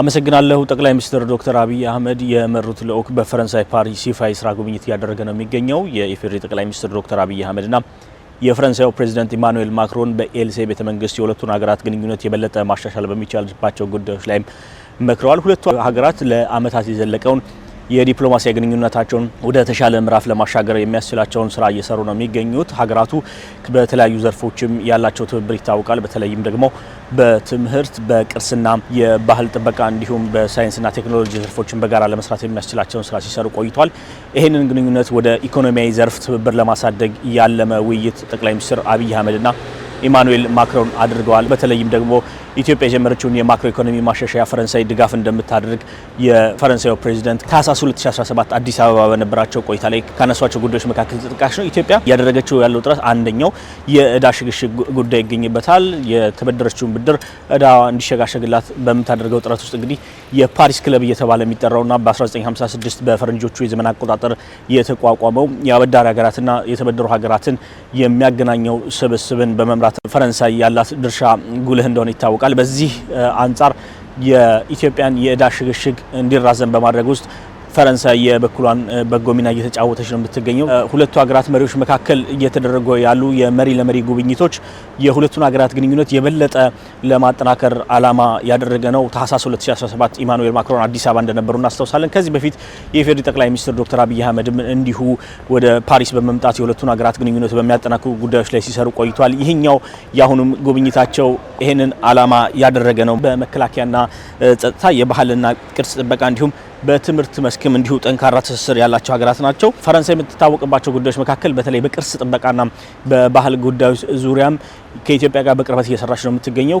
አመሰግናለሁ። ጠቅላይ ሚኒስትር ዶክተር አብይ አህመድ የመሩት ልዑክ በፈረንሳይ ፓሪስ ይፋ የስራ ጉብኝት እያደረገ ነው የሚገኘው። የኢፌዴሪ ጠቅላይ ሚኒስትር ዶክተር አብይ አህመድና የፈረንሳዩ ፕሬዚደንት ኢማኑኤል ማክሮን በኤልሴ ቤተ መንግስት የሁለቱን ሀገራት ግንኙነት የበለጠ ማሻሻል በሚቻልባቸው ጉዳዮች ላይም መክረዋል። ሁለቱ ሀገራት ለአመታት የዘለቀውን የዲፕሎማሲያ ግንኙነታቸውን ወደ ተሻለ ምዕራፍ ለማሻገር የሚያስችላቸውን ስራ እየሰሩ ነው የሚገኙት። ሀገራቱ በተለያዩ ዘርፎችም ያላቸው ትብብር ይታወቃል። በተለይም ደግሞ በትምህርት፣ በቅርስና የባህል ጥበቃ እንዲሁም በሳይንስና ቴክኖሎጂ ዘርፎችን በጋራ ለመስራት የሚያስችላቸውን ስራ ሲሰሩ ቆይቷል። ይህንን ግንኙነት ወደ ኢኮኖሚያዊ ዘርፍ ትብብር ለማሳደግ ያለመ ውይይት ጠቅላይ ሚኒስትር አብይ አህመድና ኢማኑኤል ማክሮን አድርገዋል። በተለይም ደግሞ ኢትዮጵያ የጀመረችውን የማክሮ ኢኮኖሚ ማሻሻያ ፈረንሳይ ድጋፍ እንደምታደርግ የፈረንሳዩ ፕሬዚደንት ታህሳስ 2017 አዲስ አበባ በነበራቸው ቆይታ ላይ ካነሷቸው ጉዳዮች መካከል ተጠቃሽ ነው። ኢትዮጵያ እያደረገችው ያለው ጥረት አንደኛው የእዳ ሽግሽግ ጉዳይ ይገኝበታል። የተበደረችውን ብድር እዳ እንዲሸጋሸግላት በምታደርገው ጥረት ውስጥ እንግዲህ የፓሪስ ክለብ እየተባለ የሚጠራውና በ1956 በፈረንጆቹ የዘመን አቆጣጠር የተቋቋመው የአበዳሪ ሀገራትና የተበደሩ ሀገራትን የሚያገናኘው ስብስብን በመምራት ሀገራት ፈረንሳይ ያላት ድርሻ ጉልህ እንደሆነ ይታወቃል። በዚህ አንጻር የኢትዮጵያን የእዳ ሽግሽግ እንዲራዘም በማድረግ ውስጥ ፈረንሳይ የበኩሏን በጎ ሚና እየተጫወተች ነው የምትገኘው። ሁለቱ ሀገራት መሪዎች መካከል እየተደረጉ ያሉ የመሪ ለመሪ ጉብኝቶች የሁለቱን ሀገራት ግንኙነት የበለጠ ለማጠናከር ዓላማ ያደረገ ነው። ታህሳስ 2017 ኢማኑኤል ማክሮን አዲስ አበባ እንደነበሩ እናስታውሳለን። ከዚህ በፊት የኢፌዴሪ ጠቅላይ ሚኒስትር ዶክተር አብይ አህመድም እንዲሁ ወደ ፓሪስ በመምጣት የሁለቱን ሀገራት ግንኙነት በሚያጠናክሩ ጉዳዮች ላይ ሲሰሩ ቆይቷል። ይህኛው የአሁኑም ጉብኝታቸው ይህንን ዓላማ ያደረገ ነው። በመከላከያና ጸጥታ፣ የባህልና ቅርስ ጥበቃ እንዲሁም በትምህርት መስክም እንዲሁ ጠንካራ ትስስር ያላቸው ሀገራት ናቸው። ፈረንሳይ የምትታወቅባቸው ጉዳዮች መካከል በተለይ በቅርስ ጥበቃና በባህል ጉዳዮች ዙሪያም ከኢትዮጵያ ጋር በቅርበት እየሰራች ነው የምትገኘው።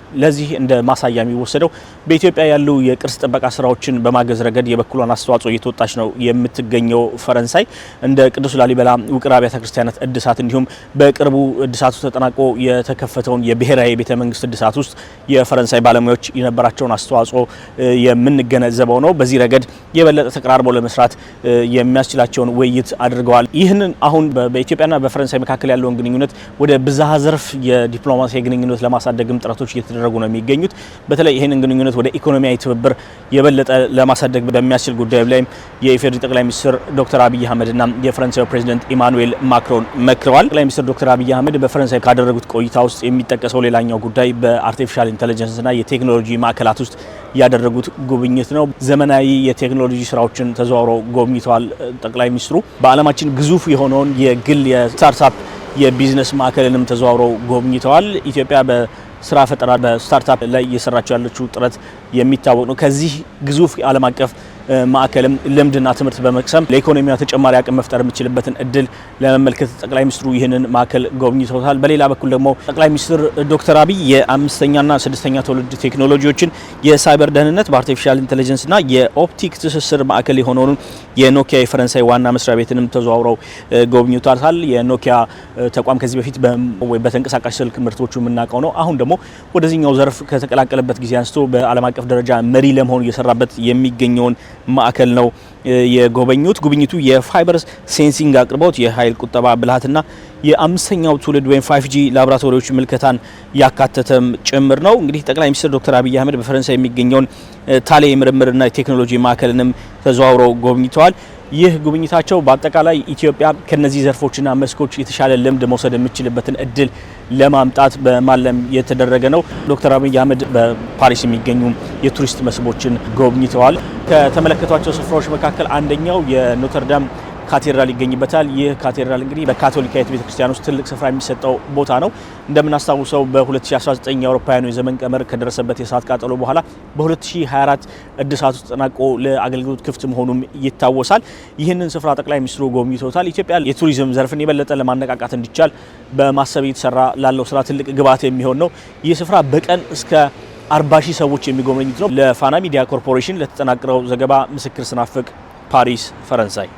ለዚህ እንደ ማሳያ የሚወሰደው በኢትዮጵያ ያሉ የቅርስ ጥበቃ ስራዎችን በማገዝ ረገድ የበኩሏን አስተዋጽኦ እየተወጣች ነው የምትገኘው ፈረንሳይ። እንደ ቅዱስ ላሊበላ ውቅር አብያተ ክርስቲያናት እድሳት እንዲሁም በቅርቡ እድሳቱ ተጠናቆ የተከፈተውን የብሔራዊ ቤተ መንግስት እድሳት ውስጥ የፈረንሳይ ባለሙያዎች የነበራቸውን አስተዋጽኦ የምንገነዘበው ነው። በዚህ ረገድ የበለጠ ተቀራርበው ለመስራት የሚያስችላቸውን ውይይት አድርገዋል። ይህንን አሁን በኢትዮጵያና በፈረንሳይ መካከል ያለውን ግንኙነት ወደ ብዝሃ ዘርፍ የዲፕሎማሲያዊ ግንኙነት ለማሳደግም ጥረቶች እየተደረ እያደረጉ ነው የሚገኙት። በተለይ ይህንን ግንኙነት ወደ ኢኮኖሚያዊ ትብብር የበለጠ ለማሳደግ በሚያስችል ጉዳይ ላይ የኢፌዴሪ ጠቅላይ ሚኒስትር ዶክተር አብይ አህመድና የፈረንሳዊ ፕሬዚደንት ኢማኑኤል ማክሮን መክረዋል። ጠቅላይ ሚኒስትር ዶክተር አብይ አህመድ በፈረንሳይ ካደረጉት ቆይታ ውስጥ የሚጠቀሰው ሌላኛው ጉዳይ በአርቲፊሻል ኢንቴሊጀንስና የቴክኖሎጂ ማዕከላት ውስጥ ያደረጉት ጉብኝት ነው። ዘመናዊ የቴክኖሎጂ ስራዎችን ተዘዋውረው ጎብኝተዋል። ጠቅላይ ሚኒስትሩ በዓለማችን ግዙፍ የሆነውን የግል የስታርታፕ የቢዝነስ ማዕከልንም ተዘዋውረው ጎብኝተዋል። ኢትዮጵያ ስራ ፈጠራ በስታርታፕ ላይ እየሰራቸው ያለችው ጥረት የሚታወቅ ነው። ከዚህ ግዙፍ ዓለም አቀፍ ማዕከልም ልምድና ትምህርት በመቅሰም ለኢኮኖሚ ተጨማሪ አቅም መፍጠር የምችልበትን እድል ለመመልከት ጠቅላይ ሚኒስትሩ ይህንን ማዕከል ጎብኝተውታል። በሌላ በኩል ደግሞ ጠቅላይ ሚኒስትር ዶክተር አብይ የአምስተኛና ስድስተኛ ትውልድ ቴክኖሎጂዎችን፣ የሳይበር ደህንነት፣ በአርቲፊሻል ኢንቴሊጀንስና የኦፕቲክ ትስስር ማዕከል የሆነውን የኖኪያ የፈረንሳይ ዋና መስሪያ ቤትንም ተዘዋውረው ጎብኝቷታል። የኖኪያ ተቋም ከዚህ በፊት በተንቀሳቃሽ ስልክ ምርቶቹ የምናውቀው ነው። አሁን ደግሞ ወደዚህኛው ዘርፍ ከተቀላቀለበት ጊዜ አንስቶ በዓለም አቀፍ ደረጃ መሪ ለመሆን እየሰራበት የሚገኘውን ማዕከል ነው የጎበኙት። ጉብኝቱ የፋይበር ሴንሲንግ አቅርቦት፣ የኃይል ቁጠባ ብልሃትና የአምስተኛው ትውልድ ወይም ፋይቭ ጂ ላቦራቶሪዎች ምልከታን ያካተተም ጭምር ነው። እንግዲህ ጠቅላይ ሚኒስትር ዶክተር አብይ አህመድ በፈረንሳይ የሚገኘውን ታሌ የምርምርና የቴክኖሎጂ ማዕከልንም ተዘዋውረው ጎብኝተዋል። ይህ ጉብኝታቸው በአጠቃላይ ኢትዮጵያ ከነዚህ ዘርፎችና መስኮች የተሻለ ልምድ መውሰድ የምችልበትን እድል ለማምጣት በማለም የተደረገ ነው። ዶክተር አብይ አህመድ በፓሪስ የሚገኙ የቱሪስት መስህቦችን ጎብኝተዋል። ከተመለከቷቸው ስፍራዎች መካከል አንደኛው የኖተርዳም ካቴድራል ይገኝበታል። ይህ ካቴድራል እንግዲህ በካቶሊካዊት ቤተክርስቲያን ውስጥ ትልቅ ስፍራ የሚሰጠው ቦታ ነው። እንደምናስታውሰው በ2019 የአውሮፓውያኑ የዘመን ቀመር ከደረሰበት የእሳት ቃጠሎ በኋላ በ2024 እድሳቱ ተጠናቆ ለአገልግሎት ክፍት መሆኑም ይታወሳል። ይህንን ስፍራ ጠቅላይ ሚኒስትሩ ጎብኝተውታል። ኢትዮጵያ የቱሪዝም ዘርፍን የበለጠ ለማነቃቃት እንዲቻል በማሰብ የተሰራ ላለው ስራ ትልቅ ግብዓት የሚሆን ነው። ይህ ስፍራ በቀን እስከ 40 ሺህ ሰዎች የሚጎበኙት ነው። ለፋና ሚዲያ ኮርፖሬሽን ለተጠናቀረው ዘገባ ምስክር ስናፍቅ ፓሪስ ፈረንሳይ